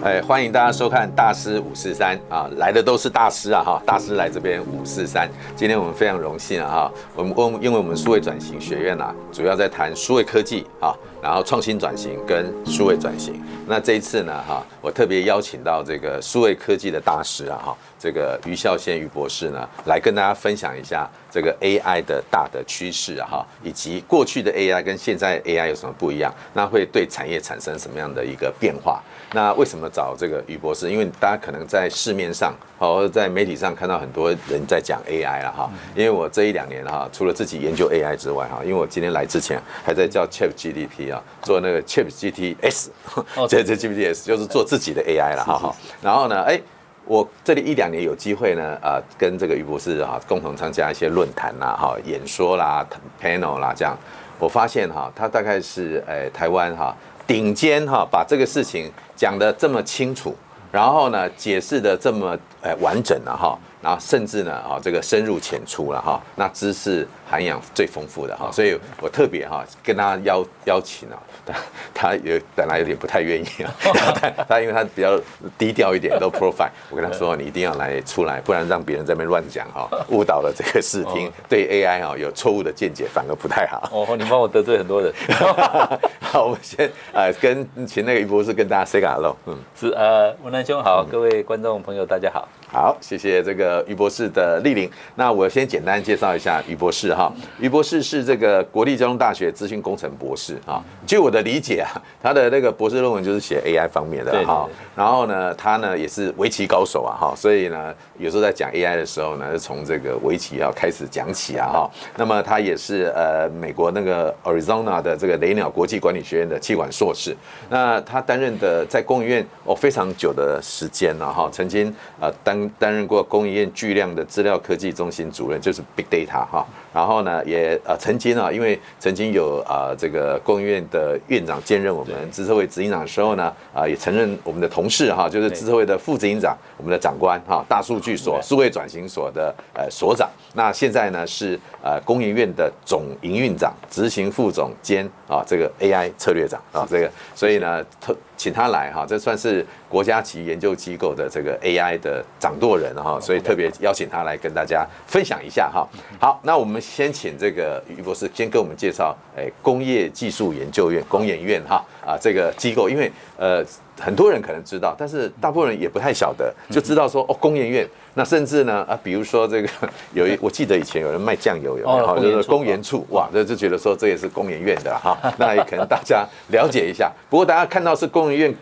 哎，歡迎大家收看大師五四三啊，來的都是大師啊哈，大師來這邊五四三。今天我們非常榮幸啊哈，我們公因為我們數位轉型學院吶、啊，主要在談數位科技哈、啊，然後創新轉型跟數位轉型。那這一次呢哈、啊，我特別邀請到這個數位科技的大師啊哈，這個余孝先余博士呢，來跟大家分享一下這個 AI 的大的趨勢哈、啊，以及過去的 AI 跟現在 AI 有什麼不一樣，那會對產業產生什麼樣的一個變化？那為什麼找這個余博士？因為大家可能在市面上，哦，在媒體上看到很多人在講 AI 了哈。因為我這一兩年哈，除了自己研究 AI 之外哈，因為我今天來之前還在教 ChatGPT 啊，做那個 ChatGPTs、哦、ChatGPTs 就是做自己的 AI 了哈。然後呢，哎、欸，我這裡一兩年有機會呢、呃，跟這個余博士哈、啊、共同參加一些論壇啦、哈演說啦、panel 啦這樣，我發現哈、啊，他大概是哎台灣哈頂尖哈、啊、把這個事情。講的這麼清楚，然後呢，解釋的這麼哎完整了啊哈，然後甚至呢啊這個深入淺出了啊哈，那知識涵養最豐富的哈，所以我特別哈、啊、跟他邀邀請啊，他他有本來有點不太願意啊他，他因為他比較低調一點，都 profile，我跟他說你一定要來出來，不然讓別人在那邊亂講哈，誤導了這個視聽，哦、對 AI 啊有錯誤的見解，反而不太好。哦，你幫我得罪很多人。 好，我們先呃跟請那個余博士跟大家 say hello，嗯，是呃文男兄好，各位觀眾朋友大家好，嗯、好，謝謝這個余博士的莅臨，那我先簡單介紹一下余博士哈。余博士是這個國立交通大學資訊工程博士啊。據我的理解啊，他的那個博士論文就是寫 AI 方面的。然後呢，他呢也是圍棋高手啊哈。所以呢，有時候在講 AI 的時候呢，就從這個圍棋要開始講起啊哈。那麼他也是呃美國那個 Arizona 的這個雷鳥國際管理學院的企管碩士。那他擔任的在工研院哦非常久的時間了哈，曾經擔、呃、擔任過工研院巨量的資料科技中心主任，就是 Big Data 哈。然後呢，也呃曾經啊，因為曾經有啊、呃、這個工研院的院長兼任我們資策會執行長的時候呢，啊、呃、也曾任我們的同事哈、啊，就是資策會的副執行長，我們的長官哈、啊，大數據所數位轉型所的呃所長。那現在呢是呃工研院的總營運長、執行副總兼啊這個 AI 策略長啊這個，所以呢特請他來哈、啊，這算是。國家級研究機構的這個 AI 的掌舵人哈、哦，所以特別邀請他來跟大家分享一下哈、哦。好，那我們先請這個余博士先跟我們介紹，哎，工業技術研究院，工研院哈啊，這個機構，因為呃很多人可能知道，但是大部分人也不太曉得，就知道說哦工研院，那甚至呢啊，比如說這個有一，我記得以前有人賣醬油，有就是有工研醋哇，就就覺得說這也是工研院的哈、啊，那也可能大家了解一下。不過大家看到是工研院，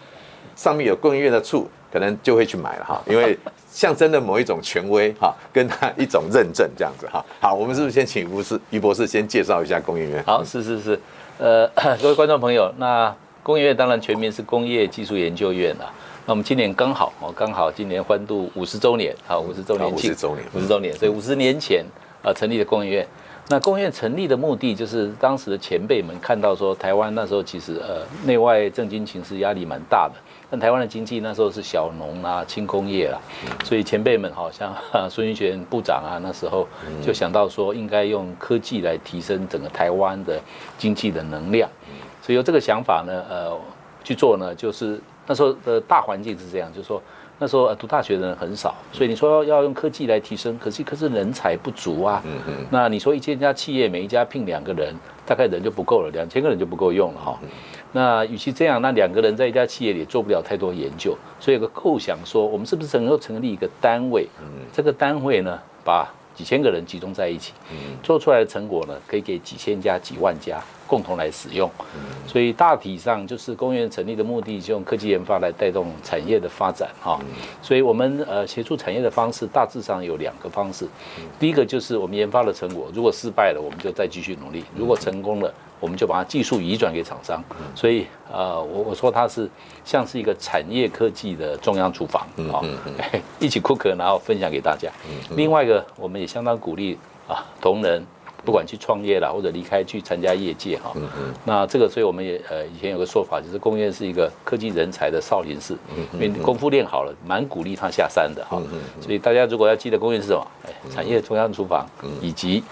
上面有工研院的處，可能就會去買了哈，因為象徵的某一種權威哈，跟他一種認證這樣子哈。好，我們是不是先請吳師、余博士先介紹一下工研院？好，是是是，呃，各位觀眾朋友，那工研院當然全名是工業技術研究院啊，那我們今年剛好哦，剛好今年歡度五十周年，好，五十周年，五十周年，五十周年。所以五十年前呃，成立的工研院，那工研院成立的目的就是當時的前輩們看到說，台灣那時候其實呃，內外政經情勢壓力蠻大的。但台灣的經濟那時候是小農啊、輕工業啦、啊，所以前輩們好像孫運璿部長啊，那時候就想到說，應該用科技來提升整個台灣的經濟的能量，所以有這個想法呢，呃，去做呢，就是那時候的大環境是這樣，就是說。那時候讀大學的人很少，所以你說要用科技來提升，可惜可是人才不足啊。那你說一千家企業，每一家聘兩個人，大概人就不夠了，兩千個人就不夠用了哈、哦。那與其這樣，那兩個人在一家企業裡也做不了太多研究，所以有個構想說，我們是不是能夠成立一個單位？這個單位呢，把。幾千個人集中在一起，做出來的成果呢，可以給幾千家、幾萬家共同來使用。所以大體上就是工研院成立的目的，就用科技研發來帶動產業的發展啊。所以我們呃協助產業的方式，大致上有兩個方式。第一個就是我們研發的成果，如果失敗了，我們就再繼續努力；如果成功了，我們就把它技術移轉給廠商，所以呃，我我說它是像是一個產業科技的中央廚房，哦嗯嗯嗯、 一起 Cook 然後分享給大家、嗯嗯。另外一個，我們也相當鼓勵啊，同仁不管去創業啦，或者離開去參加業界哈、哦嗯嗯嗯。那這個，所以我們也呃以前有個說法，就是工研院是一個科技人才的少林寺，因為功夫練好了，蠻鼓勵他下山的哈、哦嗯嗯嗯。所以大家如果要記得工研院是什麼，哎、產業中央廚房以及。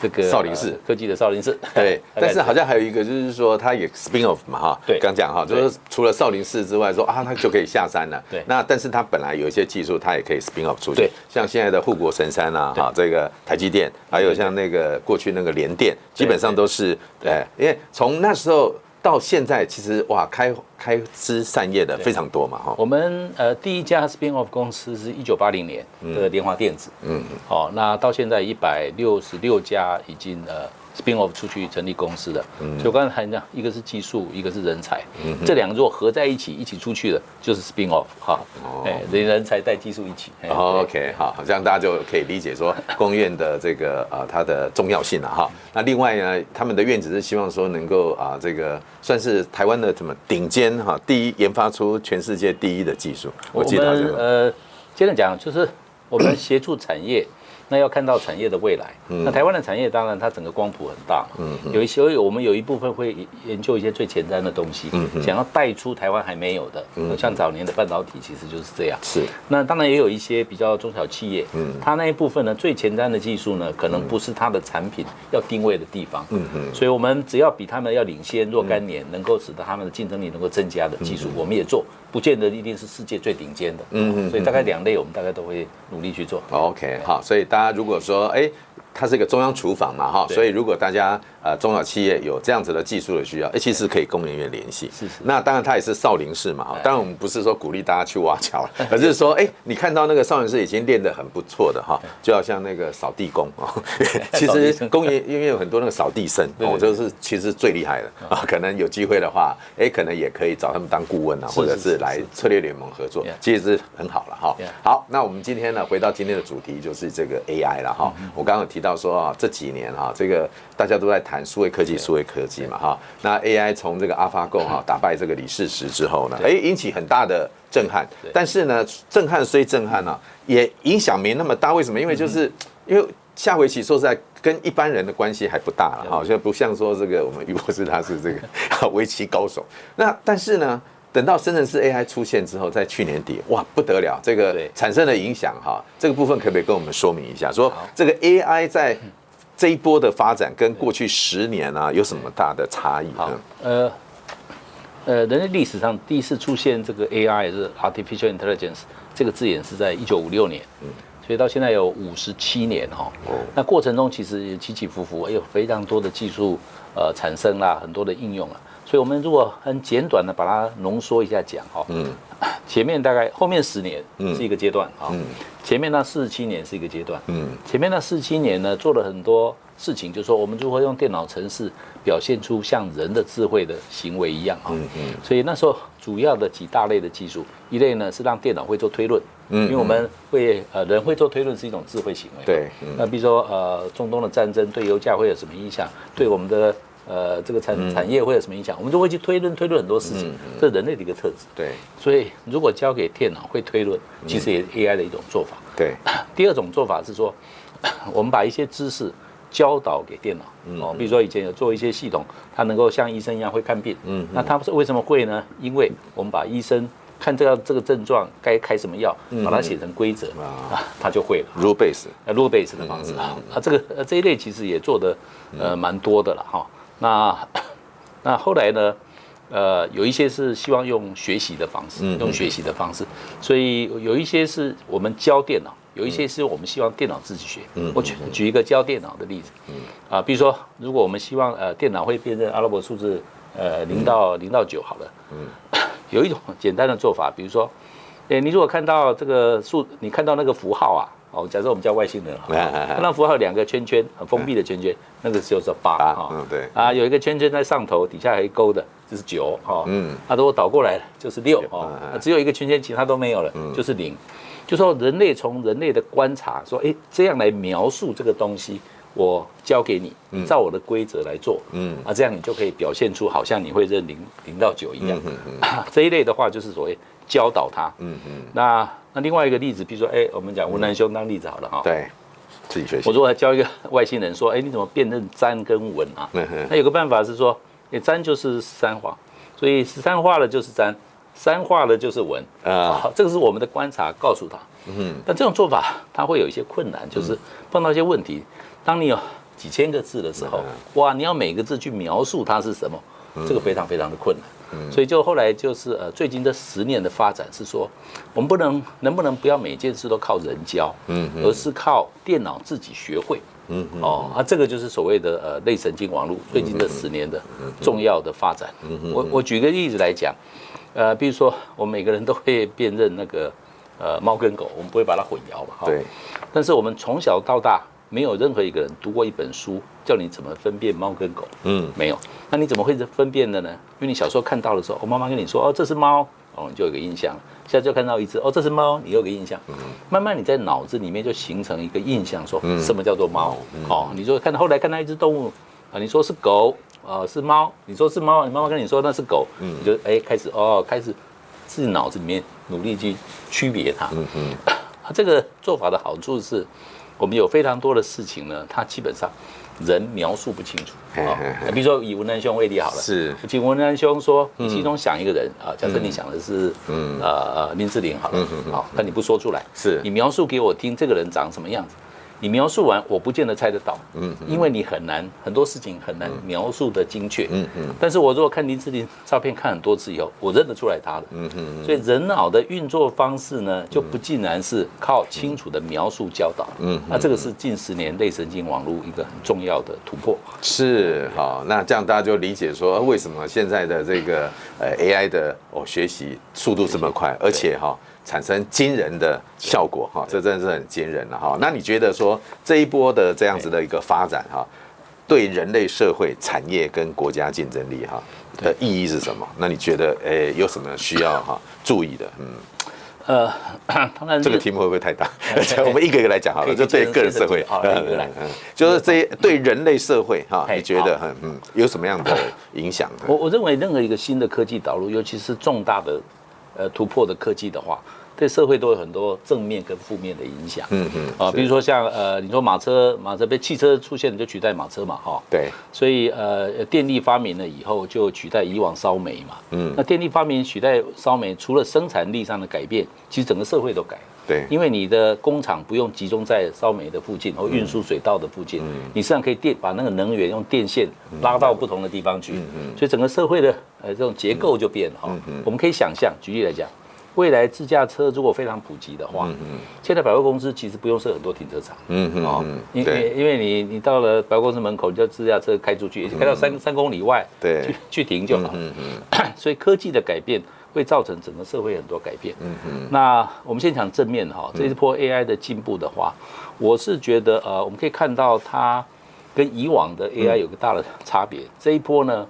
這個少林寺、呃、科技的少林寺，對，但是好像還有一個，就是說它也 spin off 嘛，哈，對，剛講哈、哦，就是除了少林寺之外說，說啊，它就可以下山了，對，那但是它本來有一些技術，它也可以 spin off 出去，對，像現在的護國神山啊，哈，這個台積電，還有像那個過去那個聯電，基本上都是對，對，因為從那時候。到現在其實哇，開開枝散葉的非常多嘛，哈。我們呃第一家 spin off 公司是一九八零年，這個聯華電子，嗯，哦，那到現在一百六十六家已經呃。Spin off 出去成立公司的，嗯。就剛才談講，一個是技術，一個是人才，嗯。這兩個如果合在一起，一起出去的，就是 Spin off 好。哎，人人才帶技術一起、哦。哦、OK，好，這樣大家就可以理解說，工院的這個啊，它的重要性了哈。那另外呢，他們的院子是希望說能夠啊，這個算是台灣的什麼頂尖哈、啊，第一研發出全世界第一的技術。我記得好像我們呃，接着講，就是我們協助產業。 那要看到產業的未來，嗯、那台灣的產業當然它整個光譜很大嘛、嗯，有一些，所以我們有一部分會研究一些最前瞻的東西，嗯、想要帶出台灣還沒有的、嗯，像早年的半導體其實就是這樣。是，那當然也有一些比較中小企業，嗯、它那一部分呢最前瞻的技術呢，可能不是它的產品要定位的地方，嗯、所以我們只要比他們要領先若干年，嗯、能夠使得他們的競爭力能夠增加的技術、嗯，我們也做，不見得一定是世界最頂尖的。嗯嗯。所以大概兩類，我們大概都會努力去做。OK，、嗯、好，好，所以大家如果說，哎，它是一個中央廚房嘛，哈，所以如果大家。呃，中小企業有這樣子的技術的需要、欸，其實可以跟工研院聯繫。是是。那當然，他也是少林寺嘛、哦。當然，我們不是說鼓勵大家去挖角，而是說，哎、欸，你看到那個少林寺已經練得很不錯的哈、哦，就好像那個掃地工哦。其實，工業因為有很多那個掃地僧，我、哦、就是其實最厲害的啊、哦。可能有機會的話，哎、欸，可能也可以找他們當顧問啊，或者是來策略聯盟合作，是是是其實是很好了哈、哦。好，那我們今天呢，回到今天的主題就是這個 AI 了哈、哦。我剛剛有提到說啊，這幾年啊，這個大家都在談。數位科技，數位科技嘛哈，那 AI 從這個 AlphaGo 哈打敗這個李世石之後呢，哎引起很大的震撼。但是呢，震撼雖震撼啊也影響沒那麼大。為什麼？因為就是因為下圍棋，說實在，跟一般人的關係還不大了哈。現在不像說這個我們余博士他是這個圍棋高手。那但是呢，等到生成式 AI 出現之後，在去年底，哇不得了，這個產生了影響哈。這個部分可不可以跟我們說明一下？說這個 AI 在。這一波的發展跟過去十年呢，啊、有什麼大的差異呢？呃，呃，人類歷史上第一次出現這個 AI 也是 Artificial Intelligence 這個字眼是在一九五六年，嗯，所以到現在有五十七年哈，哦，那過程中其實也起起伏伏，哎有非常多的技術呃產生了很多的應用，所以我們如果很簡短的把它濃縮一下講哈，哦，嗯，前面大概後面十年是一個階段哈，哦。嗯嗯前面那四十七年是一個階段，嗯，前面那四十七年呢，做了很多事情，就是說我們如何用電腦程式表現出像人的智慧的行為一樣啊，嗯嗯，所以那時候主要的幾大類的技術，一類呢是讓電腦會做推論，嗯，因為我們會呃人會做推論是一種智慧行為，對，那比如說呃中東的戰爭對油價會有什麼影響，對我們的。呃，這個產產業會有什麼影響？嗯，我們就會去推論，推論很多事情，嗯嗯，這是人類的一個特質。對，所以如果交給電腦會推論，嗯，其實也是 AI 的一種做法，嗯。對，第二種做法是說，我們把一些知識教導給電腦，嗯，哦，比如說以前有做一些系統，它能夠像醫生一樣會看病。嗯，嗯那它不是為什麼會呢？因為我們把醫生看這個、個、這個症狀該開什麼藥，把它寫成規則、嗯嗯、啊，它就會了。Rule base，Rule base 的方式啊，嗯嗯，啊，這個、啊、這一類其實也做得呃蠻多的了哈。哦那那後來呢？呃，有一些是希望用學習的方式，嗯嗯、用學習的方式，所以有一些是我們教電腦、嗯，有一些是我們希望電腦自己學。嗯嗯嗯、我舉舉一個教電腦的例子，啊、呃，比如說，如果我們希望呃電腦會辨認阿拉伯數字，呃，零到零到九好了嗯。嗯，有一種簡單的做法，比如說，哎、欸，你如果看到這個數，你看到那個符號啊。假設我們叫外星人、 哦、那符號有兩個圈圈，很封閉的圈圈， 那個就是八哈、哦。嗯，對。啊，有一個圈圈在上頭，底下還勾的，就是九哈、哦。嗯，那、啊、如果倒過來了，就是六哈、哦嗯啊。只有一個圈圈，其他都沒有了，嗯、就是零。就說人類從人類的觀察說，哎、欸，這樣來描述這個東西，我教給你，照我的規則來做。嗯，啊，這樣你就可以表現出好像你會認零零到九一樣、嗯哼哼啊。這一類的話就是所謂教導他。嗯嗯。那。那另外一個例子，比如說，哎、欸，我們講文男兄當例子好了哈、嗯。對，自己學習。我如果教一個外星人說，哎、欸，你怎麼辨認、啊“詹跟“文”啊？那有個辦法是說，哎、欸，“詹就是三畫，所以十三畫了就是“詹”，三畫了就是文“文、嗯”啊。這個是我們的觀察告訴他。嗯哼。那這種做法，他會有一些困難，就是碰到一些問題。嗯、當你有幾千個字的時候、嗯，哇，你要每個字去描述它是什麼，嗯、這個非常非常的困難。所以就後來就是呃，最近這十年的發展是說，我們不能能不能不要每件事都靠人教，嗯，而是靠電腦自己學會，嗯哦，啊，這個就是所謂的呃類神經網絡，最近這十年的重要的發展。我我舉個例子來講，呃，比如說，我們每個人都會辨認那個呃貓跟狗，我們不會把它混淆嘛。哈。對。但是我們從小到大，沒有任何一個人讀過一本書，叫你怎麼分辨貓跟狗。嗯，沒有。那你怎麼會分辨的呢？因為你小時候看到的時候，我、哦、媽媽跟你說：“哦，這是貓。”哦，你就有個印象。現在就看到一隻哦，這是貓，你有個印象、嗯。慢慢你在腦子裡面就形成一個印象說，說、嗯、什麼叫做貓。哦，你就看到後來看到一隻動物啊，你說是狗啊？呃，是貓？你說是貓，你媽媽跟你說那是狗。嗯，你就哎開始哦開始，哦、開始自己腦子裡面努力去區別它。嗯嗯、啊，這個做法的好處是。我們有非常多的事情呢，他基本上人描述不清楚啊、哦。比如說以文男兄為例好了，是，請文男兄說，你心中想一個人啊，假設你想的是，嗯，呃，林志玲好了、嗯，好，但你不說出來，是你描述給我聽，這個人長什麼樣子？你描述完，我不見得猜得到，嗯，因為你很難，很多事情很難描述的精確，嗯嗯。但是我如果看林志玲照片看很多次以後，我認得出來她了。嗯嗯。所以人腦的運作方式呢，就不盡然是靠清楚的描述教導，嗯，那這個是近十年類神經網絡一個很重要的突破，是好。那這樣大家就理解說為什麼現在的這個 AI 的哦學習速度這麼快，而且哈。產生驚人的效果哈，這真的是很驚人了哈。那你覺得說這一波的這樣子的一個發展哈，對人類社會、產業跟國家競爭力哈的意義是什麼？那你覺得誒有什麼需要哈注意的？嗯，呃，這個題目會不會太大？而且我們一個一個來講好了，就對個人社會，嗯嗯，就是這對人類社會哈，你覺得很嗯有什麼樣的影響？我我認為任何一個新的科技導入，尤其是重大的。呃，突破的科技的話，對社會都有很多正面跟負面的影響。嗯嗯啊，比如說像呃，你說馬車，馬車被汽車出現就取代馬車嘛，哈。對。所以呃，電力發明了以後就取代以往燒煤嘛。嗯。那電力發明取代燒煤，除了生產力上的改變，其實整個社會都改。對，因為你的工廠不用集中在燒煤的附近、嗯、或運輸水道的附近，嗯、你實際上可以電把那個能源用電線拉到不同的地方去。嗯嗯嗯、所以整個社會的呃這種結構就變了、嗯哦嗯嗯。我們可以想象，舉例來講，未來自駕車如果非常普及的話，嗯嗯嗯、現在百貨公司其實不用設很多停車場。嗯嗯。因、哦、因、嗯、因為你你到了百貨公司門口，你就自駕車開出去，也開到三、嗯、三公里外，對，去去停就好。了、嗯嗯嗯嗯。所以科技的改變。會造成整個社會很多改變。嗯嗯，那我們先講正面哈、哦，這一波 AI 的進步的話，嗯、我是覺得呃，我們可以看到它跟以往的 AI 有個大的差別、嗯。這一波呢，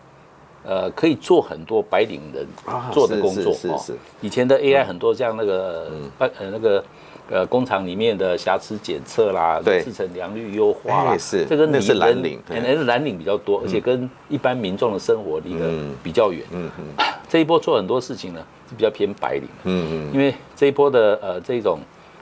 呃，可以做很多白領人做的工作。啊、是是，是，是、哦、以前的 AI 很多像那個、嗯嗯、呃那個呃工廠裡面的瑕疵檢測啦，製程良率優化啦。欸、是這跟你跟，那是藍領，那是藍領比較多、嗯，而且跟一般民眾的生活離得比較遠。嗯嗯。這一波做很多事情呢，是比較偏白領的。嗯嗯。因為這一波的呃這種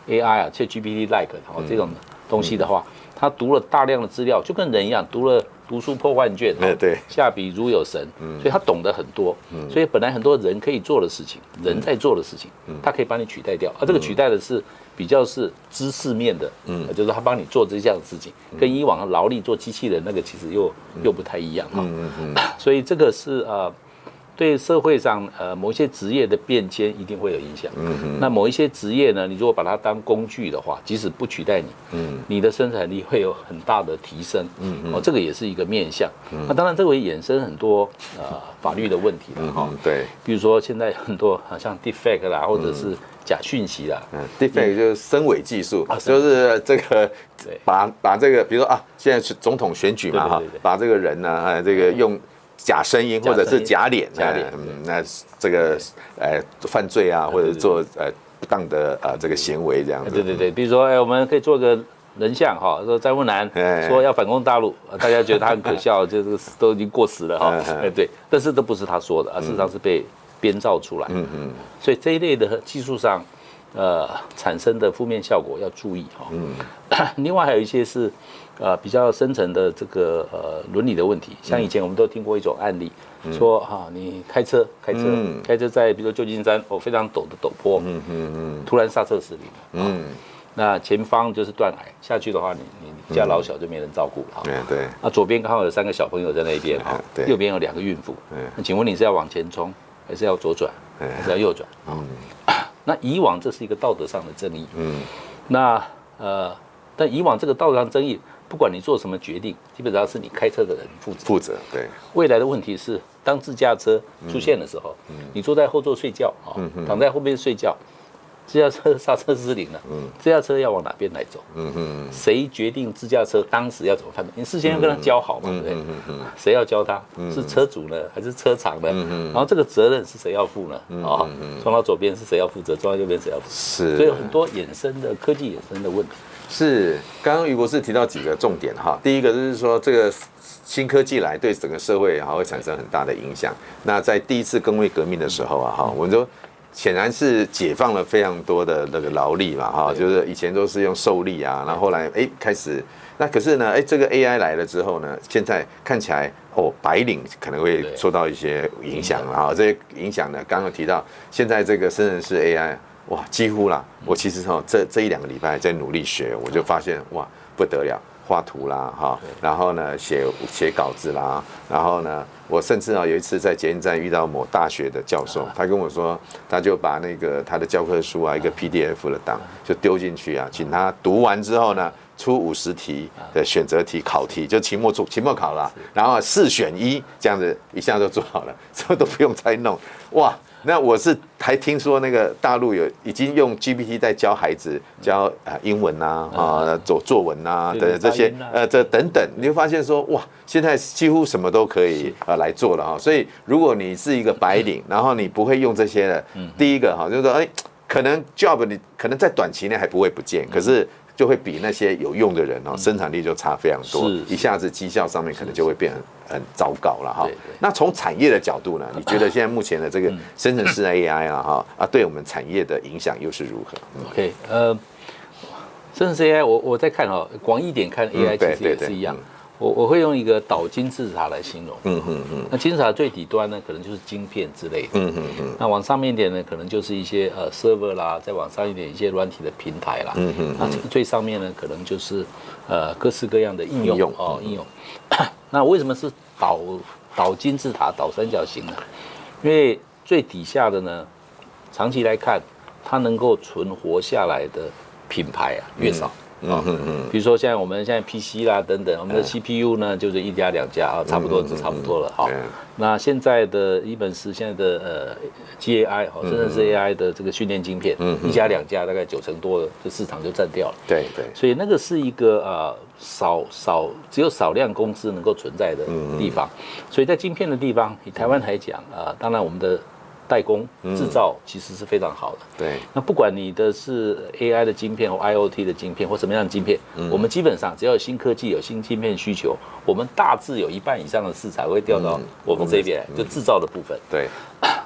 AI 啊，像 GPT-like 哦這種東西的話，嗯嗯、它讀了大量的資料，就跟人一樣，讀了讀書破萬卷、哎，對，下筆如有神。嗯、所以他懂得很多、嗯。所以本來很多人可以做的事情，嗯、人在做的事情，他、嗯、可以幫你取代掉。啊，這個取代的是比較是知識面的。嗯。啊、就是他幫你做這樣的事情，跟以往的勞力做機器人那個其實又、嗯、又不太一樣啊。嗯嗯，嗯。所以這個是呃。對社會上呃某一些職業的變遷一定會有影響。嗯，那某一些職業呢，你如果把它當工具的話，即使不取代你，嗯，你的生產力會有很大的提升。嗯嗯、哦。這個也是一個面向。那、嗯啊、當然，這個會衍生很多呃法律的問題的哈、哦嗯。對。比如說，現在很多好像 deepfake 啦，或者是假訊息啦。嗯。deepfake 就是深偽技術，就是這個把把這個，比如說啊，現在是總統選舉嘛哈，把這個人呢、啊，這個用。嗯假聲音或者是假臉，假嗯、假臉、嗯。那這個呃犯罪啊，對對對或者做呃不當的啊、呃、這個行為這樣子，對對對，嗯、比如說哎，我們可以做個人像哈，說詹文男說要反攻大陸，大家覺得他很可笑， 就是都已經過時了哈，哎對，但是都不是他說的啊、嗯，事實上是被編造出來，嗯嗯，嗯，所以這一類的技術上呃產生的負面效果要注意哈、哦，嗯，另外還有一些是。呃，比較深層的這個呃倫理的問題，像以前我們都聽過一種案例，嗯、說哈、啊，你開車開車、嗯、開車在比如說舊金山哦非常陡的陡坡，嗯嗯嗯，突然剎車失靈，嗯、哦，那前方就是斷崖，下去的話你你家老小就沒人照顧了，對、哦嗯嗯、對，啊，左邊剛好有三個小朋友在那邊哈、哦嗯，對，右邊有兩個孕婦，嗯，那請問你是要往前衝，還是要左轉、嗯，還是要右轉？嗯、啊，那以往這是一個道德上的爭議，嗯，那呃，但以往這個道德上爭議。不管你做什麼決定，基本上是你開車的人負責。負責對。未來的問題是，當自駕車出現的時候、嗯嗯，你坐在後座睡覺，哦嗯嗯、躺在後面睡覺，自駕車剎車失靈了，嗯、自駕車要往哪邊來走？誰、嗯嗯、決定自駕車當時要怎麼判斷？你事先要跟他教好嘛，對、嗯、不對？誰、嗯嗯嗯、要教他？是車主呢，還是車廠呢、嗯嗯？然後這個責任是誰要負呢？啊、嗯，撞、嗯、到、哦、左邊是誰要負責？撞到右邊誰要負責？是。所以很多衍生的科技衍生的問題。是，剛剛余博士提到幾個重點哈，第一個就是說這個新科技來對整個社會哈會產生很大的影響。那在第一次工業革命的時候啊哈，我們就顯然是解放了非常多的那個勞力嘛哈，就是以前都是用受力啊，然後，後來哎、欸、開始，那可是呢哎、欸、這個 AI 來了之後呢，現在看起來哦白領可能會受到一些影響啊，然後這些影響呢剛剛提到，現在這個生成式 AI。哇，幾乎啦！我其實哦，這這一兩個禮拜在努力學，我就發現哇，不得了，畫圖啦，哈，然後呢，寫寫稿子啦，然後呢，我甚至啊，有一次在捷運站遇到某大學的教授，他跟我說，他就把那個他的教科書啊，一個 PDF 的檔就丟進去啊，請他讀完之後呢，出五十題的選擇題考題，就期末做期末考了，然後四選一這樣子，一下就做好了，什麼都不用再弄，哇，那我是。還聽說那個大陸有已經用 GPT 在教孩子教啊英文吶啊，啊做作文吶、啊、等這些呃這等等，你就發現說哇，現在幾乎什麼都可以啊來做了，所以如果你是一個白領，然後你不會用這些的，第一個哈就是說，哎，可能 job 你可能在短期內還不會不見，可是。就會比那些有用的人哦，生產力就差非常多，一下子績效上面可能就會變很很糟糕了哈、哦。那從產業的角度呢？你覺得現在目前的這個生成式 AI 啊哈啊，對我們產業的影響又是如何、嗯？OK，呃，生成式 AI，我我在看哦，廣義點看 AI 其實也是一樣、嗯。對對對嗯我我會用一個倒金字塔來形容。嗯哼哼。那金字塔最底端呢，可能就是晶片之類的。嗯哼哼。那往上面一點呢，可能就是一些呃 server 啦，再往上一點一些軟體的平台啦。嗯哼哼。那最上面呢，可能就是呃各式各樣的應用哦應用，哦應用、嗯。 那為什麼是倒倒金字塔倒三角形呢？因為最底下的呢，長期來看，它能夠存活下來的品牌啊越少。嗯嗯、哦，嗯嗯，比如說現在，我們現在 PC 啦、等等，嗯、我們的 CPU 呢，就是一家兩家啊，差不多就，嗯、差不多了。好，嗯哦嗯，那現在的一本是現在的呃 GAI 真的是 AI 的這個訓練晶片，嗯，一家兩家大概九成多的市場就占掉了。對對，所以那個是一個呃少少只有少量公司能夠存在的地方，嗯，所以在晶片的地方，以台灣來講啊，當然我們的。代工製造其實是非常好的、嗯。對，那不管你的是 AI 的晶片或 IoT 的晶片或什麼樣的晶片、嗯，我們基本上只要有新科技、有新晶片需求，我們大致有一半以上的市場會掉到我們這邊，就製造的部分、嗯嗯嗯。對，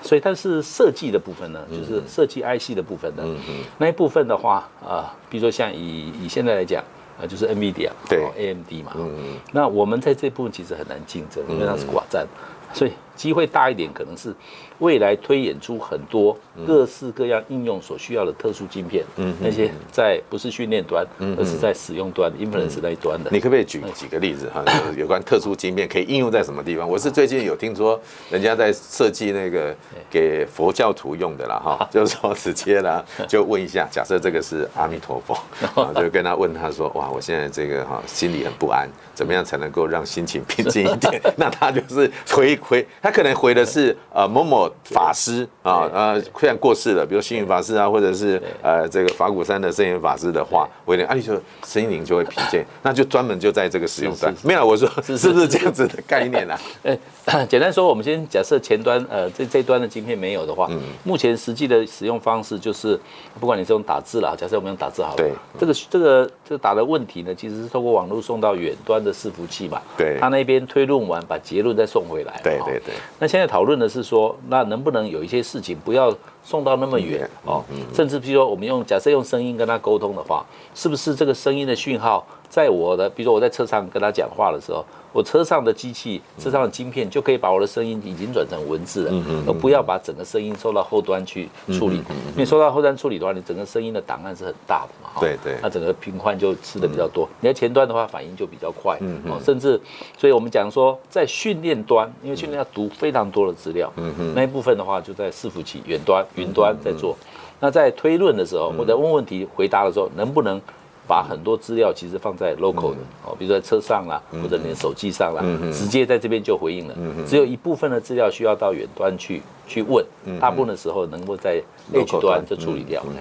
所以但是設計的部分呢，就是設計 IC 的部分呢、嗯嗯嗯嗯嗯，那一部分的話啊，比如說像以以現在來講啊，就是 NVIDIA 對、對 AMD 嘛、嗯嗯，那我們在這部分其實很難競爭，因為它是寡占，所以機會大一點可能是。未來推演出很多各式各樣應用所需要的特殊晶片，嗯、那些在不是訓練端，嗯、而是在使用端，inference、嗯嗯、那一端的，你可不可以舉幾個例子哈？哎就是、有關特殊晶片可以應用在什麼地方？我是最近有聽說人家在設計那個給佛教徒用的啦哈、哎，就是說直接啦，就問一下、哎，假設這個是阿彌陀佛，然後就跟他問他說，哇，我現在這個哈心裡很不安，怎麼樣才能夠讓心情平靜一點？那他就是回回，他可能回的是呃某某。法師啊，呃，雖然過世了，比如星雲法師啊，或者是呃，這個法鼓山的聖嚴法師的話，威廉，安利就心靈就會疲倦，那就專門就在這個使用端沒有。我說是是不是這樣子的概念呢、啊？哎哎、簡單說，我們先假設前端呃這這端的晶片沒有的話，嗯，目前實際的使用方式就是不管你這種打字啦，假設我們用打字，好，了。對，這個這個這打的問題呢，其實是透過網絡送到遠端的伺服器嘛，對，他那邊推論完，把結論再送回來、啊，對對對，對。那現在討論的是說那。那能不能有一些事情不要送到那麼遠哦？甚至比如說，我們用假設用聲音跟他溝通的話，是不是這個聲音的訊號在我的，比如說我在車上跟他講話的時候？我車上的機器，車上的晶片，就可以把我的聲音已經轉成文字了，而、嗯嗯、不要把整個聲音收到後端去處理嗯哼嗯哼。因為收到後端處理的話，你整個聲音的檔案是很大的嘛。對對，那、啊、整個頻寬就吃的比較多、嗯。你在前端的話，反應就比較快。嗯嗯、哦，甚至，所以我們講說，在訓練端，因為訓練要讀非常多的資料、嗯哼，那一部分的話就在伺服器遠端、雲端在做。嗯哼嗯哼，那在推論的時候，我在問問題、回答的時候，嗯、能不能？把很多資料其實放在 local 的哦、嗯，比如說，車上啦，嗯、或者你的手機上啦、嗯，直接在這邊就回應了、嗯。只有一部分的資料需要到遠端去、嗯、去問、嗯，大部分的時候能夠在 local 端就處理掉。嗯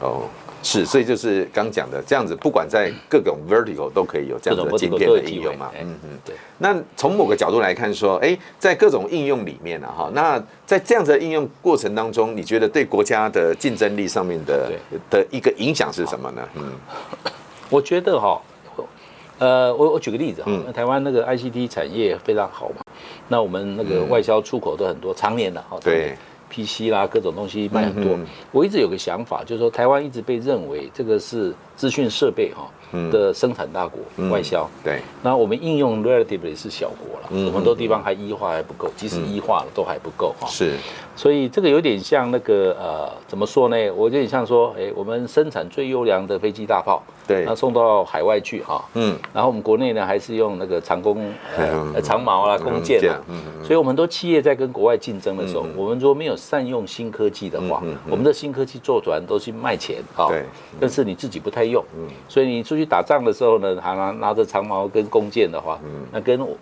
哦，是，所以就是剛講的這樣子，不管在各種 vertical 都可以有這樣的晶片的應用嘛？嗯嗯，對。那從某個角度來看說，哎、欸，在各種應用裡面呢，哈，那在這樣子的應用過程當中，你覺得對國家的競爭力上面的的一個影響是什麼呢？嗯，我覺得哈，呃，我我舉個例子哈，那台灣那個 ICT 產業非常好嘛，那我們那個外銷出口都很多，常年的哈，對。PC 啦、啊，各種東西賣很多。我一直有個想法，就是說台灣一直被認為這個是資訊設備哈、哦。嗯、的生產大國外，外、嗯、銷。對。那我們應用 relatively 是小國了，嗯，很多地方還 e 化還不夠，嗯，即使 e 化了都還不夠哈、喔。是，所以這個有點像那個呃，怎麼說呢？我有點像說，哎、欸，我們生產最優良的飛機大炮，對，那、啊、送到海外去哈、喔。嗯。然後我們國內呢，還是用那個長弓、呃、長矛啦，弓箭啦。所以，我們很多企業在跟國外競爭的時候、嗯，我們如果沒有善用新科技的話，嗯嗯嗯、我們的新科技做出來都是去賣錢啊、喔。對。但是你自己不太用，嗯、所以你出去。去打仗的時候呢，還拿拿着長矛跟弓箭的話，嗯、那跟我,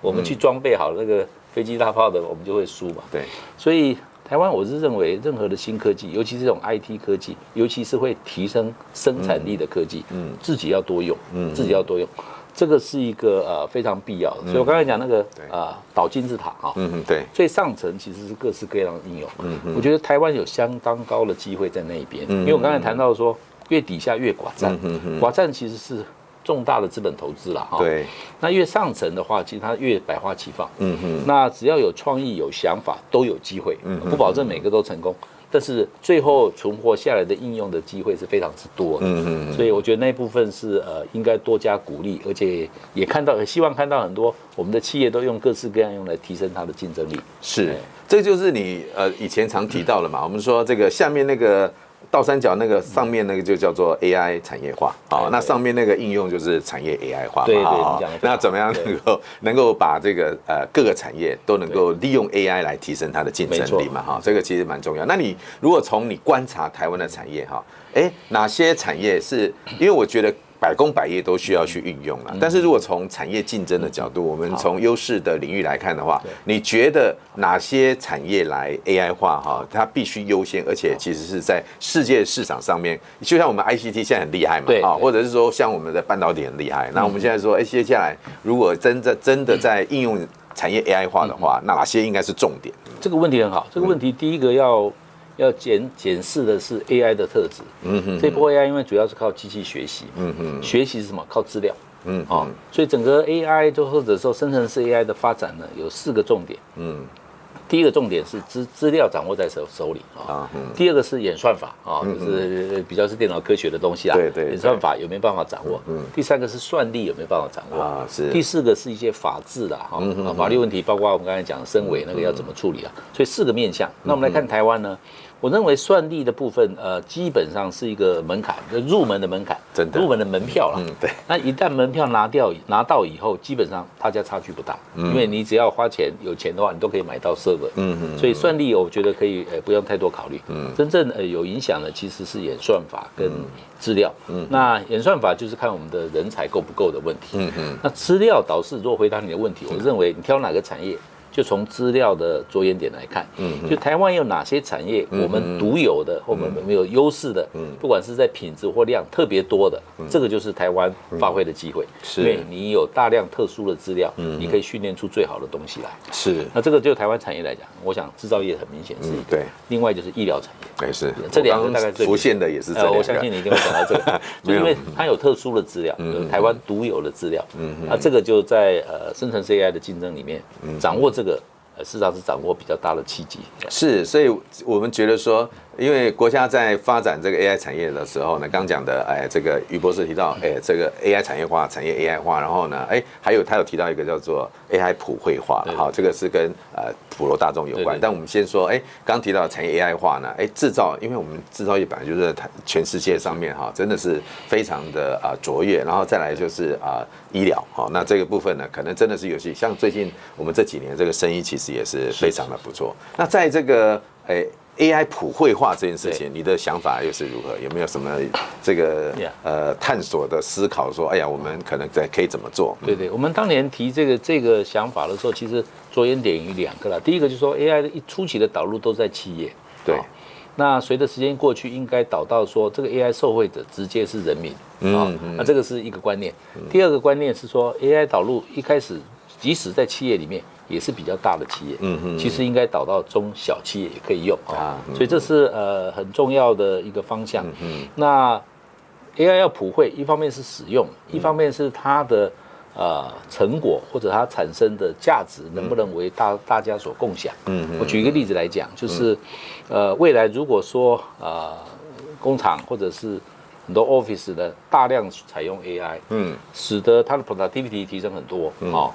我們去裝備好那個飛機大炮的，我們就會輸嘛。對，所以台灣我是認為，任何的新科技，尤其是這種 IT 科技，尤其是會提升生產力的科技，嗯，嗯自己要多用，嗯，自己要多用，嗯、這個是一個呃非常必要的。所以我剛才講那個啊，倒、嗯呃、金字塔啊，嗯、哦、嗯，對，最上層其實是各式各樣的應用，嗯嗯，我覺得台灣有相當高的機會在那邊，嗯、因為我剛才談到說。越底下越寡占，寡占其實是重大的資本投資了哈。對，那越上層的話，其實它越百花齊放。嗯嗯，那只要有創意、有想法，都有機會。嗯，不保證每個都成功，但是最後存活下來的應用的機會是非常之多的。嗯嗯。所以我覺得那部分是呃，應該多加鼓勵，而且也看到，也希望看到很多我們的企業都用各式各樣用來提升它的競爭力。是，這就是你呃以前常提到了嘛，我們說這個下面那個。倒三角那個上面那個就叫做 AI 產業化，好、嗯，那上面那個應用就是產業 AI 化，對對對，那怎麼樣能夠能夠把這個呃各個產業都能夠利用 AI 來提升它的競爭力嘛？哈，這個其實蠻重要。那你如果從你觀察台灣的產業哈，哎、欸，哪些產業是因為我覺得？百工百業都需要去運用了，但是如果從產業競爭的角度，我們從優勢的領域來看的話，你覺得哪些產業來 AI 化哈？它必須優先，而且其實是在世界市場上面，就像我們 ICT 現在很厲害嘛，啊，或者是說像我們的半導體很厲害，那我們現在說，哎，接下來如果真的真的在應用產業 AI 化的話，那哪些應該是重點？這個問題很好，這個問題第一個要。要檢檢視的是 AI 的特質，嗯哼，哼，這波 AI 因為主要是靠機器學習，嗯哼，哼，學習是什麼？靠資料，嗯，啊、哦，所以整個 AI 就或者說生成式 AI 的發展呢，有四個重點，嗯，第一個重點是資資料掌握在手手裡、哦、啊，嗯，第二個是演算法啊、哦，就是、嗯、比較是電腦科學的東西啊，對對，對，演算法有沒有辦法掌握？嗯，第三個是算力有沒有辦法掌握？啊是，第四個是一些法治、哦嗯哼哼。啊，哈，法律問題包括我們剛才講的深偽那個要怎麼處理啊，嗯、哼哼所以四個面向、嗯，那我們來看台灣呢。我認為算力的部分，呃，基本上是一個門檻，就入門的門檻，真的，入門的門票了。嗯，對。那一旦門票拿掉拿到以後，基本上大家差距不大。嗯。因為你只要花錢，有錢的話，你都可以買到設備。嗯。嗯嗯。所以算力，我覺得可以，呃，不用太多考慮。嗯。真正，呃，有影響的其實是演算法跟資料。嗯，嗯。那演算法就是看我們的人才夠不夠的問題。嗯嗯。那資料倒是，若回答你的問題，我認為你挑哪個產業？就從資料的着眼點來看，嗯，就台灣有哪些產業我們獨有的，或、嗯、我們沒有優勢的，嗯，不管是在品質或量特別多的、嗯，這個就是台灣發揮的機會、嗯，是，因為你有大量特殊的資料，嗯，你可以訓練出最好的東西來，是。那這個就台灣產業來講，我想製造業很明顯是一個、嗯、對，另外就是醫療產業，沒事，這兩個大概最浮現的也是這個、哎呃這個啊，我相信你一定會想到這個， 就因為它有特殊的資料，有台灣獨有的資料，嗯，那、就是嗯啊嗯、這個就在呃生成 AI 的競爭裡面，嗯，掌握這個。呃，市場是掌握比較大的契機，是，所以我們覺得說。因為國家在發展這個 AI 產業的時候呢，剛講的，哎，這個余博士提到，哎，這個 AI 產業化、產業 AI 化，然後呢，哎，還有他有提到一個叫做 AI 普惠化，好，這個是跟普羅大眾有關。但我們先說，哎，剛提到的產業 AI 化呢，哎，製造，因為我們製造業本來就是在全世界上面哈，真的是非常的啊卓越，然後再來就是啊醫療，好，那這個部分呢，可能真的是尤其像最近我們這幾年這個生意其實也是非常的不錯。那在這個哎。AI 普惠化這件事情，你的想法又是如何？有沒有什麼這個、yeah. 呃探索的思考？說，哎呀，我們可能在可以怎麼做？對，對對，我們當年提這個這個想法的時候，其實着眼點有兩個啦。第一個就是說，AI 的一初期的導入都在企業。對，那隨着時間過去，應該導到說，這個 AI 受惠者直接是人民。嗯嗯，那這個是一個觀念。嗯、第二個觀念是說、嗯、，AI 導入一開始，即使在企業裡面。也是比較大的企業，嗯哼嗯哼，其實應該導到中小企業也可以用啊，所以這是、嗯、呃很重要的一個方向，嗯。那 AI 要普惠，一方面是使用，嗯、一方面是它的呃成果或者它產生的價值能不能為大、嗯、大家所共享。嗯，我舉一個例子來講，就是、嗯、呃未來如果說呃工廠或者是很多 office 的大量採用 AI，嗯，使得它的 productivity 提升很多，好、嗯。哦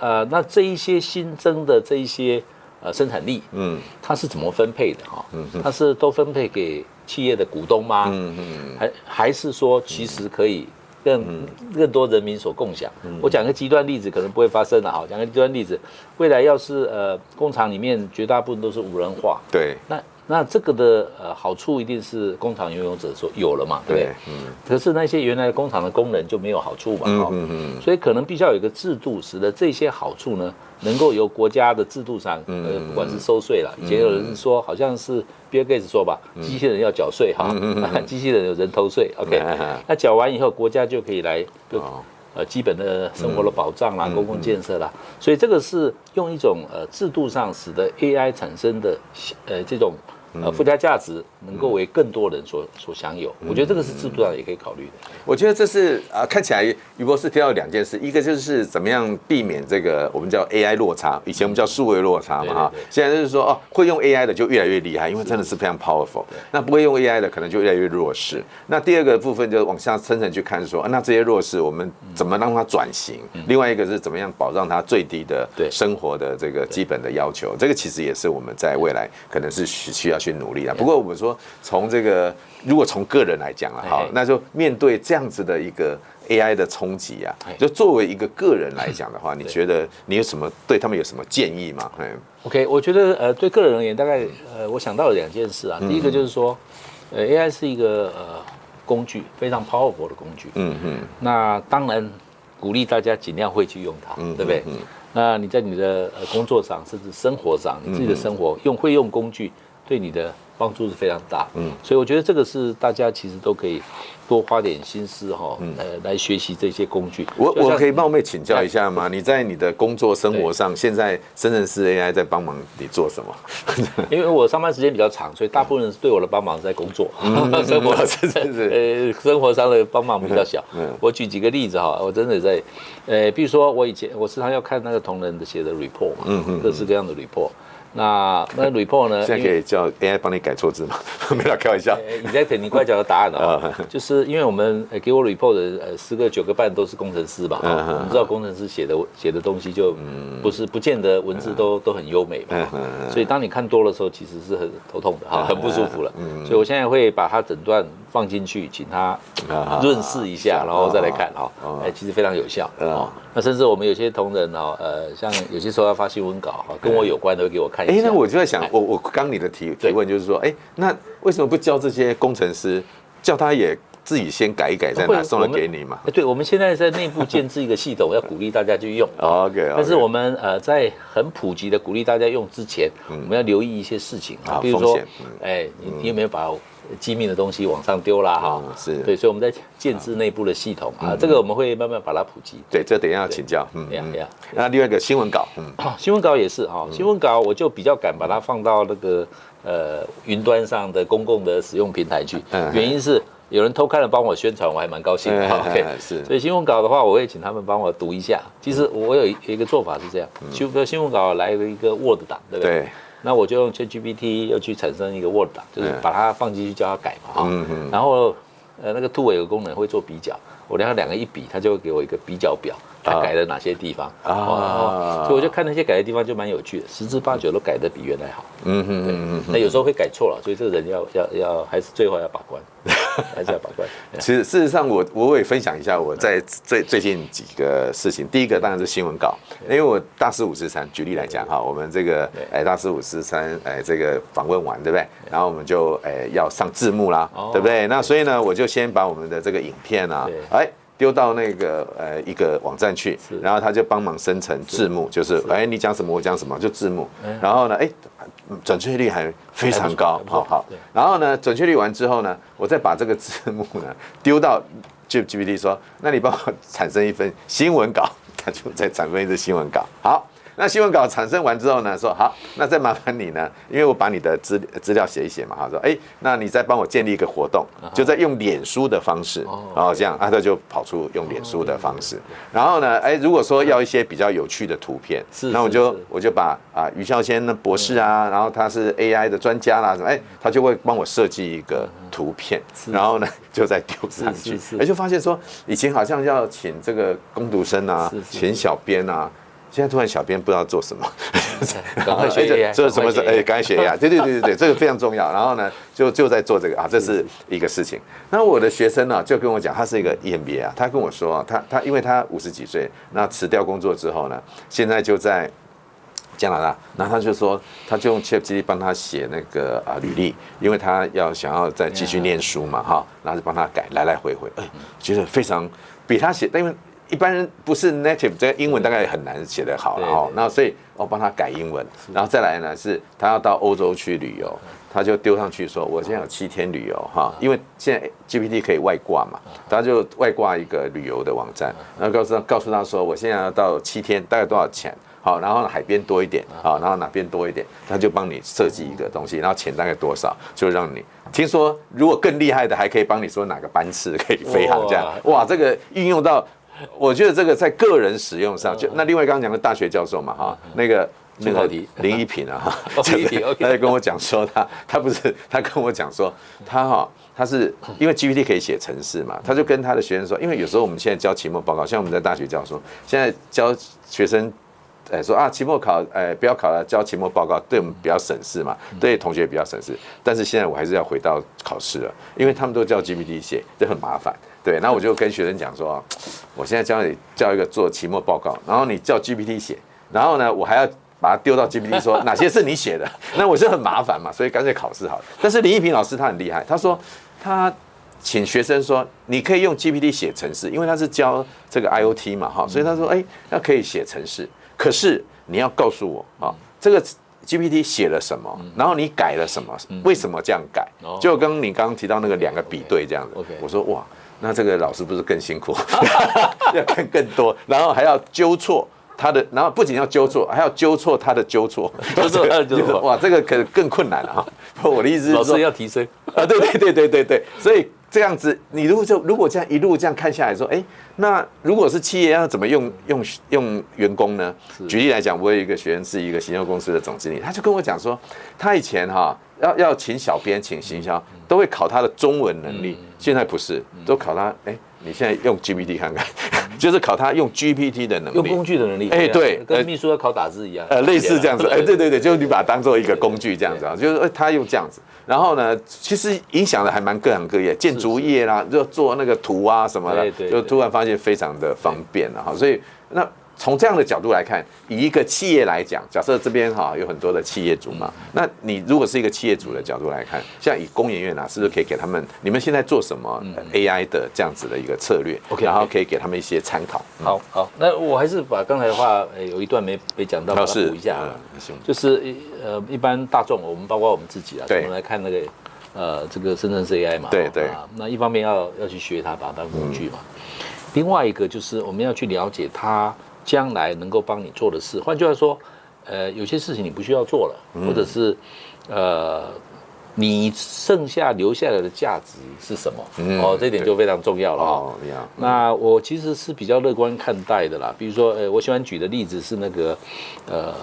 呃，那這一些新增的這一些呃生產力，嗯，它是怎麼分配的哈？嗯，它是都分配給企業的股東嗎？嗯嗯還還是說其實可以更更多人民所共享？我講個極端例子，可能不會發生的啊，哦，講個極端例子，未來要是呃工廠裡面絕大部分都是無人化，對，那。那這個的呃好處一定是工廠擁有者說有了嘛，對不對、嗯、可是，那些原來工廠的工人就沒有好處嘛、哦嗯嗯嗯，所以可能必須要有一個制度，使得這些好處呢，能夠由國家的制度上，嗯、呃，不管是收稅啦，以前有人說、嗯、好像是 Bill Gates 說吧，機、嗯、器人要繳稅哈，機、嗯嗯嗯、 器人有人頭稅，OK，、嗯嗯嗯嗯、那繳完以後國家就可以來。呃，基本的生活的保障啦，嗯、公共建設啦，所以這個是用一種呃制度上使得 AI 產生的呃這種。呃、嗯，附加價值能夠為更多人所、嗯、所享有，我覺得這個是制度上也可以考慮的。我覺得這是啊、呃，看起來余博士提到兩件事，一個就是怎麼樣避免這個我們叫 AI 落差，以前我們叫數位落差嘛哈。對對對對，現在就是說哦，會用 AI 的就越來越厲害，因為真的是非常 powerful。那不會用 AI 的可能就越來越弱勢。那第二個部分就往下深層去看說，說、啊、那這些弱勢我們怎麼讓它轉型？對對對對，另外一個是怎麼樣保障它最低的對生活的這個基本的要求？這個其實也是我們在未來可能是需要。去努力了、啊。不過我們說，從這個如果從個人來講了，好，那就面對這樣子的一個 AI 的衝擊啊，就作為一個個人來講的話，你覺得你有什麼對他們有什麼建議嗎？OK，我覺得呃，對個人而言，大概呃，我想到了兩件事啊。第一個就是說，呃，AI 是一個呃工具，非常 powerful 的工具。嗯嗯。那當然鼓勵大家儘量會去用它，嗯、哼哼對不對？那你在你的工作上，甚至生活上，你自己的生活用，用會用工具。對你的幫助是非常大，嗯，所以我覺得這個是大家其實都可以多花點心思哈、哦嗯，呃，來學習這些工具。我我可以冒昧請教一下嗎？你在你的工作生活上，現在生成式 AI 在幫忙你做什麼？ 因為我上班時間比較長，所以大部分是對我的幫忙是在工作，嗯、生活、嗯是是是呃、生活上的幫忙比較小、嗯。我舉幾個例子哈、哦，我真的在，呃，比如說我以前我時常要看那個同仁寫的、的 report 嘛，嗯嗯，各式各樣的 report。那那 report 呢？現在可以叫 AI 幫你改錯字嗎？ 沒啦，開玩笑、uh,。Exactly, 你在等你快找到答案、啊 uh -huh. 就是因為我們給我 report 的呃十個九個半都是工程師嘛，uh -huh. 我們知道工程師寫的寫的東西就不是不見得文字都、uh -huh. 都很優美嘛，uh -huh. 所以當你看多的時候，其實是很頭痛的哈，uh -huh. Uh -huh. 很不舒服了。Uh -huh. 所以我現在會把它整段放進去，請他潤飾一下，uh -huh. 然後再來看哈。哎、uh -huh.，其實非常有效 uh -huh. Uh -huh. 那甚至我們有些同仁哈、哦，呃，像有些時候要發新聞稿哈、哦，跟我有關的會給我看一下。哎、欸，那我就在想，哎、我我剛你的提提問就是說，哎、欸，那為什麼不叫這些工程師叫他也自己先改一改在哪，再、啊、拿送來給你嘛？對，我們現在在內部建制一個系統，要鼓勵大家去用。OK。 但是我們呃，在很普及的鼓勵大家用之前，我們要留意一些事情、嗯、啊，比如說，哎、嗯欸，你你有沒有把？機密的東西往上丟啦，哈、哦，是對，所以我們在建制內部的系統、嗯、啊，這個我們會慢慢把它普及。嗯、對，這等一下要請教。嗯，嗯 yeah, yeah, 那另外一個新聞稿，嗯，哦、新聞稿也是哈、哦嗯，新聞稿我就比較敢把它放到那個呃雲端上的公共的使用平台去。嗯，嗯原因是有人偷看了幫我宣傳，我還蠻高興的。嗯嗯、o、okay, 是。所以新聞稿的話，我會請他們幫我讀一下。其實我有一個做法是這樣，嗯、新聞稿來了一個 Word 檔，對不對？嗯嗯對那我就用 ChatGPT 又去產生一個 Word 就是把它放進去叫它改嘛，啊、嗯，然後呃那個吐尾有個功能會做比較，我兩個兩個一比，它就會給我一個比較表。他改了哪些地方啊，啊，啊，啊，啊？所以我就看那些改的地方就蠻有趣的，十之八九都改的比原來好。嗯嗯，嗯那有時候會改錯了，所以這個人要要要還是最後要把關，還是要把關。啊、 其實事實上我，我我也分享一下我在最最近幾個事情。第一個當然是新聞稿，因為我大師543舉例來講哈、啊，我們這個哎大師543哎這個訪問完對不對？然後我們就哎要上字幕啦，對不對？哦、那所以呢，我就先把我們的這個影片啊，哎。丟到那個呃一個網站去，然後他就幫忙生成字幕，是就是，是哎你講什麼我講什麼就字幕，然後呢哎準確率還非常高，好，好，好。然後呢準確率完之後呢，我再把這個字幕呢丟到 G G P T 說，那你幫我產生一份新聞稿，他就再產生一份新聞稿，好。那新聞稿產生完之後呢，說好，那再麻煩你呢，因為我把你的資資料寫一寫嘛。哈，說哎，那你再幫我建立一個活動，就在用臉書的方式，然後這樣，阿德就跑出用臉書的方式。然後呢，哎，如果說要一些比較有趣的圖片，那我就我就把啊余孝先的博士啊，然後他是 AI 的專家啦，什麼哎，他就會幫我設計一個圖片。然後呢，就再丟上去，哎，就發現說以前好像要請這個工讀生啊，請小編啊。現在突然，小編不知道做什麼，啊，趕快學著，做什麼事啊？哎，啊，趕緊學呀，啊，對對對對，這個非常重要。然後呢，就就在做這個啊，這是一個事情。那我的學生呢，啊，就跟我講，他是一個 EMBA 啊。他跟我說，啊，他他因為他五十幾歲，那辭掉工作之後呢，現在就在加拿大。那他就說，他就用 ChatGPT 幫他寫那個啊履歷，因為他要想要再繼續念書嘛，哈，然後就幫他改來來回回，哎，覺得非常比他寫，因為。一般人不是 native，這個英文大概也很難寫得好，然後那所以我幫他改英文，然後再來呢是他要到歐洲去旅遊，他就丟上去說：“我現在有七天旅遊哈，因為現在 GPT 可以外掛嘛，他就外掛一個旅遊的網站，然後告訴他，告訴他說：我現在要到七天，大概多少錢？好，然後海邊多一點好，然後哪邊多一點，他就幫你設計一個東西，然後錢大概多少，就讓你聽說，如果更厲害的還可以幫你說哪個班次可以飛航這樣，哇，這個運用到。我覺得這個在個人使用上，就那另外剛剛講的大學教授嘛，哈，那個那個林一平啊，哈，GPT，他就跟我講說他他不是他跟我講說他哈，他是因為 GPT 可以寫程式嘛，他就跟他的學生說，因為有時候我們現在教期末報告，像我們在大學教授，現在教學生，哎說啊，期末考哎不要考了，交期末報告對我們比較省事嘛，對同學比較省事，但是現在我還是要回到考試了，因為他們都叫 GPT 寫，這很麻煩。對，那我就跟學生講說，我現在教你教一個做期末報告，然後你叫 GPT 寫，然後呢，我還要把它丟到 GPT 說哪些是你寫的，那我是很麻煩嘛，所以乾脆考試好了。但是林一平老師他很厲害，他說他請學生說，你可以用 GPT 寫程式，因為他是教這個 IOT 嘛哈，所以他說哎、欸，那可以寫程式，可是你要告訴我啊，這個 GPT 寫了什麼，然後你改了什麼，為什麼這樣改？就跟你剛剛提到那個兩個比對這樣子。我說哇。那這個老師不是更辛苦， 要更更多，然後還要糾錯他的，然後不僅要糾錯，還要糾錯他的糾錯，糾錯他的糾錯，哇，這個可能更困難了啊！我的意思是，老師要提升啊，對對對對對對，所以。這樣子，你如果就如果這樣一路這樣看下來說，哎，那如果是企業要怎麼用用用員工呢？舉例來講，我有一個學員是一個行銷公司的總經理，他就跟我講說，他以前哈、啊、要要請小編請行銷，都會考他的中文能力，現在不是，都考他哎。你現在用 GPT 看看、嗯，就是考他用 GPT 的能力，用工具的能力。哎，對，跟秘書要考打字一樣，呃，類似這樣子。哎，對對對，就是你把它當作一個工具這樣子啊，就是哎，他用這樣子。然後呢，其實影響的還蠻各行各業，建築業啦、啊，就做那個圖啊什麼的，就突然發現非常的方便了哈。所以那。從這樣的角度來看，以一個企業來講，假設這邊哈、啊、有很多的企業主嘛，那你如果是一個企業主的角度來看，像以工研院啊，是不是可以給他們？你們現在做什麼 AI 的這樣子的一個策略？OK，、嗯、然後可以給他們一些參考 okay, okay.、嗯。好，好，那我還是把剛才的話，哎、有一段沒沒講到，把它補一下。是嗯、是就是呃，一般大眾，我們包括我們自己啊，我們來看那個呃，這個生成式 AI 嘛，對對，啊、那一方面要要去學它，把它當工具嘛、嗯。另外一個就是我們要去了解它。將來能夠幫你做的事，換句話說，呃，有些事情你不需要做了，或者是，呃，你剩下留下來的價值是什麼？嗯、哦，這一點就非常重要了。哦、嗯，那我其實是比較樂觀看待的啦。比如說，呃，我喜歡舉的例子是那個，呃，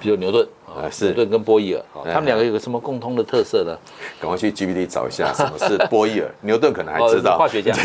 比如牛頓啊、哦，牛頓跟波伊爾、哦，他們兩個有個什麼共通的特色呢？嗯嗯嗯嗯、趕快去 GPT 找一下， 什麼是波伊爾？ 牛頓可能還知道，哦、化學家。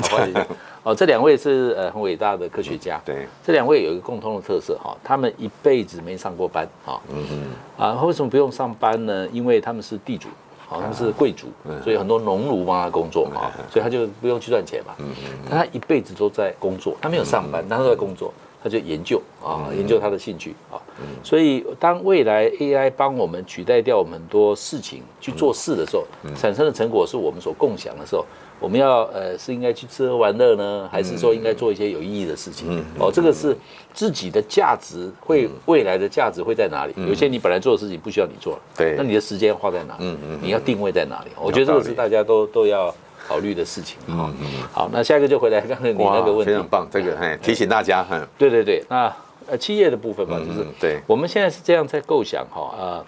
哦，這兩位是呃很偉大的科學家、嗯。對，這兩位有一個共通的特色哈、哦，他們一輩子沒上過班哈、哦。嗯嗯。啊，為什麼不用上班呢？因為他們是地主，好、哦、他們是貴族、啊嗯，所以很多農奴幫他工作啊、嗯嗯哦，所以他就不用去賺錢嘛。嗯嗯。但他一輩子都在工作，他沒有上班，嗯、他都在工作，他就研究啊、哦嗯，研究他的興趣啊、哦。嗯。所以，當未來 AI 幫我們取代掉我們很多事情去做事的時候、嗯嗯，產生的成果是我們所共享的時候。我們要呃是應該去吃喝玩樂呢，還是說應該做一些有意義的事情？嗯，嗯嗯哦，這個是自己的價值會、嗯、未來的價值會在哪裡、嗯？有些你本來做的事情不需要你做了，對、嗯，那你的時間花在哪裡？嗯嗯，你要定位在哪裡？我覺得這個是大家都都要考慮的事情、嗯嗯好嗯。好，那下一個就回來剛才你那個問題，非常棒，這個哎提醒大家。哈，對對對，那呃，企業的部分嘛、嗯，就是對，我們現在是這樣在構想哈、呃，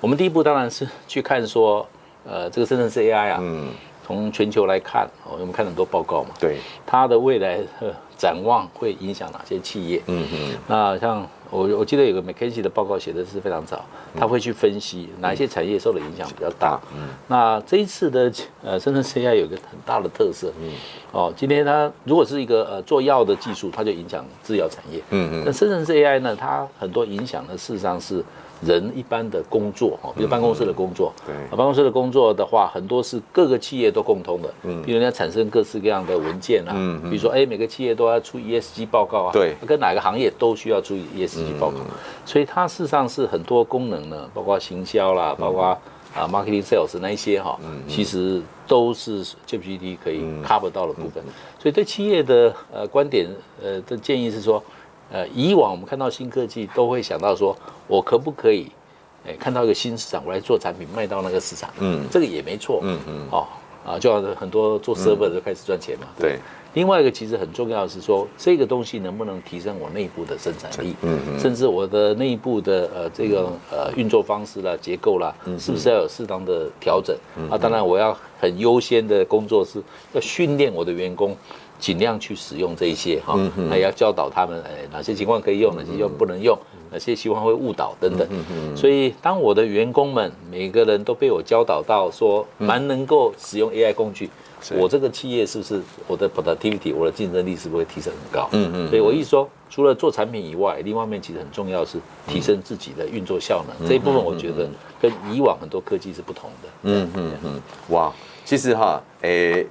我們第一步當然是去看說，呃，這個生成式 AI 啊，嗯。從全球來看，哦，我們看很多報告嘛，對，它的未來、呃、展望會影響哪些企業？嗯嗯，那像我我記得有個麥肯錫的報告寫的是非常早，他、嗯、會去分析哪些產業受的影響比較大嗯。嗯，那這一次的呃，生成 AI 有一個很大的特色，嗯，哦，今天它如果是一個呃做藥的技術，它就影響製藥產業。嗯嗯，那生成 AI 呢，它很多影響呢，事實上是。人一般的工作，比如辦公室的工作、嗯嗯，對，辦公室的工作的話，很多是各個企業都共通的，嗯，比如人家產生各式各樣的文件啊，嗯，嗯，比如說，哎，每個企業都要出 ESG 報告啊，對，跟哪個行業都需要出 ESG 報告，嗯、所以它事實上是很多功能呢，包括行銷啦，嗯、包括啊、呃、marketing sales 那些哈、啊嗯，其實都是 GPT 可以 cover 到的部分，嗯嗯嗯、所以對企業的呃觀點，呃的建議是說。呃，以往我們看到新科技，都會想到說，我可不可以，看到一個新市場，我來做產品賣到那個市場，嗯，這個也沒錯，嗯嗯，啊，就很多做 server 都開始賺錢嘛，嗯，對。另外一個其實很重要的是說，這個東西能不能提升我內部的生產力？嗯，甚至我的內部的呃這個呃運作方式啦、結構啦，是不是要有適當的調整？啊，當然我要很優先的工作是要訓練我的員工，盡量去使用這一些哈、啊，還要教導他們哎哪些情況可以用，哪些又不能用，哪些希望會誤導等等。所以當我的員工們每個人都被我教導到說，蠻能夠使用 AI 工具。我這個企業是不是我的 productivity，我的競爭力是不是會提升很高？嗯嗯，所以我一說，除了做產品以外，另外一面其實很重要是提升自己的運作效能。這一部分我覺得跟以往很多科技是不同的。嗯哼嗯哼嗯，哇，其實哈，誒、欸，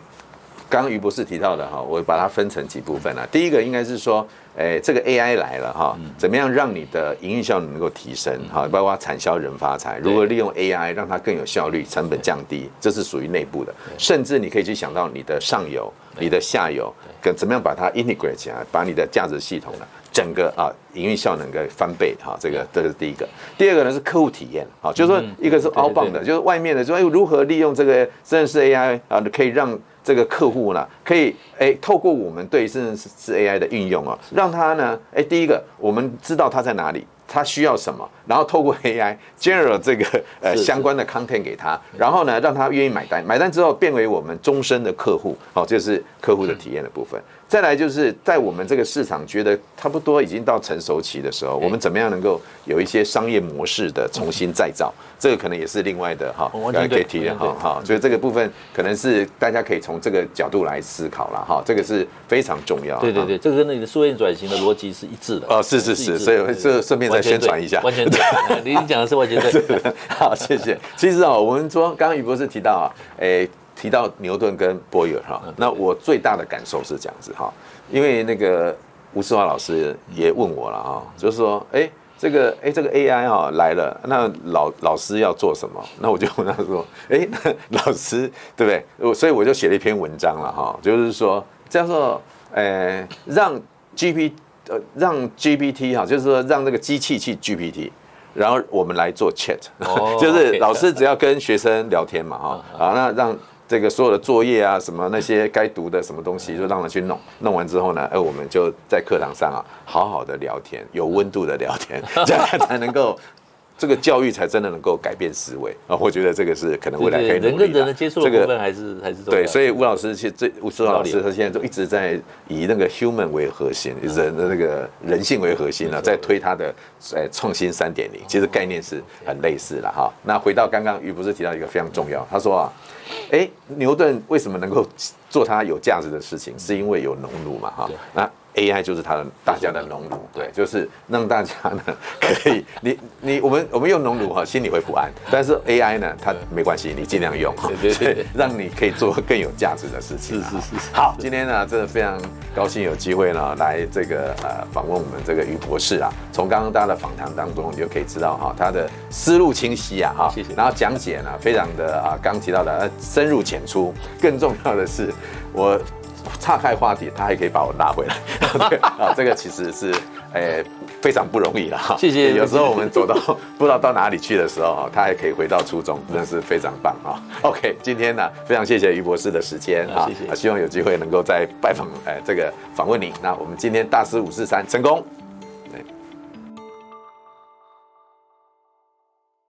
剛余博士提到的哈，我把它分成幾部分啊，第一個應該是說。哎，這個 AI 來了哈，怎麼樣讓你的營運效能能夠提升？哈，包括產銷人發財，如何利用 AI 讓它更有效率，成本降低，這是屬於內部的。甚至你可以去想到你的上游、你的下游，跟怎麼樣把它 integrate 起來，把你的價值系統呢整個啊，營運效能個翻倍哈、啊，這個這是第一個。第二個呢是客戶體驗啊，就是說，一個是 Outbound 的，就是外面的說，哎，如何利用這個生成式 AI 啊，可以讓這個客戶呢，可以哎，透過我們對生成式 AI 的運用啊，讓他呢，哎，第一個我們知道他在哪裡，他需要什麼，然後透過 AI generate 這個呃相關的 content 給他，然後呢，讓他願意買單，買單之後變為我們終身的客戶，好，這是客戶的體驗的部分。再來就是在我們這個市場覺得差不多已經到成熟期的時候，我們怎麼樣能夠有一些商業模式的重新再造？這個可能也是另外的哈、哦嗯，可以提的哈。所以這個部分可能是大家可以從這個角度來思考了哈、啊。這個是非常重要。對對對，啊、這個跟你的數位轉型的邏輯是一致的。哦，是是是，所以這順便再宣傳一下。完全對，您、啊、講的是完全對 的。好，謝謝。其實啊、哦，我們說剛剛余博士提到啊，哎。提到牛頓跟波爾哈，那我最大的感受是這樣子哈，因為那個吳思華老師也問我了，就是說，哎、欸，這個，哎、欸，這個 AI 哈來了，那老老師要做什麼？那我就跟他說，哎、欸，老師對不對？我所以我就寫了一篇文章了哈，就是說叫做，呃、欸，讓 G P 呃讓 G P T 哈，就是說讓那個機器去 G P T，然後我們來做 chat，、oh, okay. 就是老師只要跟學生聊天嘛哈，好， 那讓。這個所有的作業啊，什麼那些該讀的什麼東西，就讓他去弄。弄完之後呢，呃，我們就在課堂上啊，好好的聊天，有溫度的聊天，嗯，這樣才能夠。這個教育才真的能夠改變思維啊！我覺得這個是可能未來可以對對人跟人的接觸，這部分還是、這個、還是對。所以吳老師其實這吳老師他現在就一直在以那個 human 為核心，嗯、人的那個人性為核心呢、啊，在推他的呃、哎、創新三點零，其實概念是很類似的哈、哦。那回到剛剛余不是提到一個非常重要，他說啊，哎，牛頓為什麼能夠做他有價值的事情，嗯、是因為有農奴嘛哈那。A I 就是他的大家的農奴，對，就是讓大家呢可以 你你我們我們用農奴哈，心裡會不安，但是 A I 呢它沒關係，你盡量用，對對，對 讓你可以做更有價值的事情，啊。是是是。好，今天呢真的非常高興有機會呢來這個呃訪問我們這個余博士啊。從剛剛大家的訪談當中，你就可以知道哈，哦，他的思路清晰啊哈，哦，謝謝。然後講解呢非常的啊，呃，剛提到的深入淺出，更重要的是我。岔開話題，他還可以把我拉回來啊， 對啊，這個其實是，呃、非常不容易了謝謝。有時候我們走到 不知道到哪裡去的時候他還可以回到初衷，真的是非常棒啊。OK，今天呢，非常謝謝余博士的時間啊，謝謝。希望有機會能夠再拜訪、呃，這個訪問你。那我們今天大師五四三成功。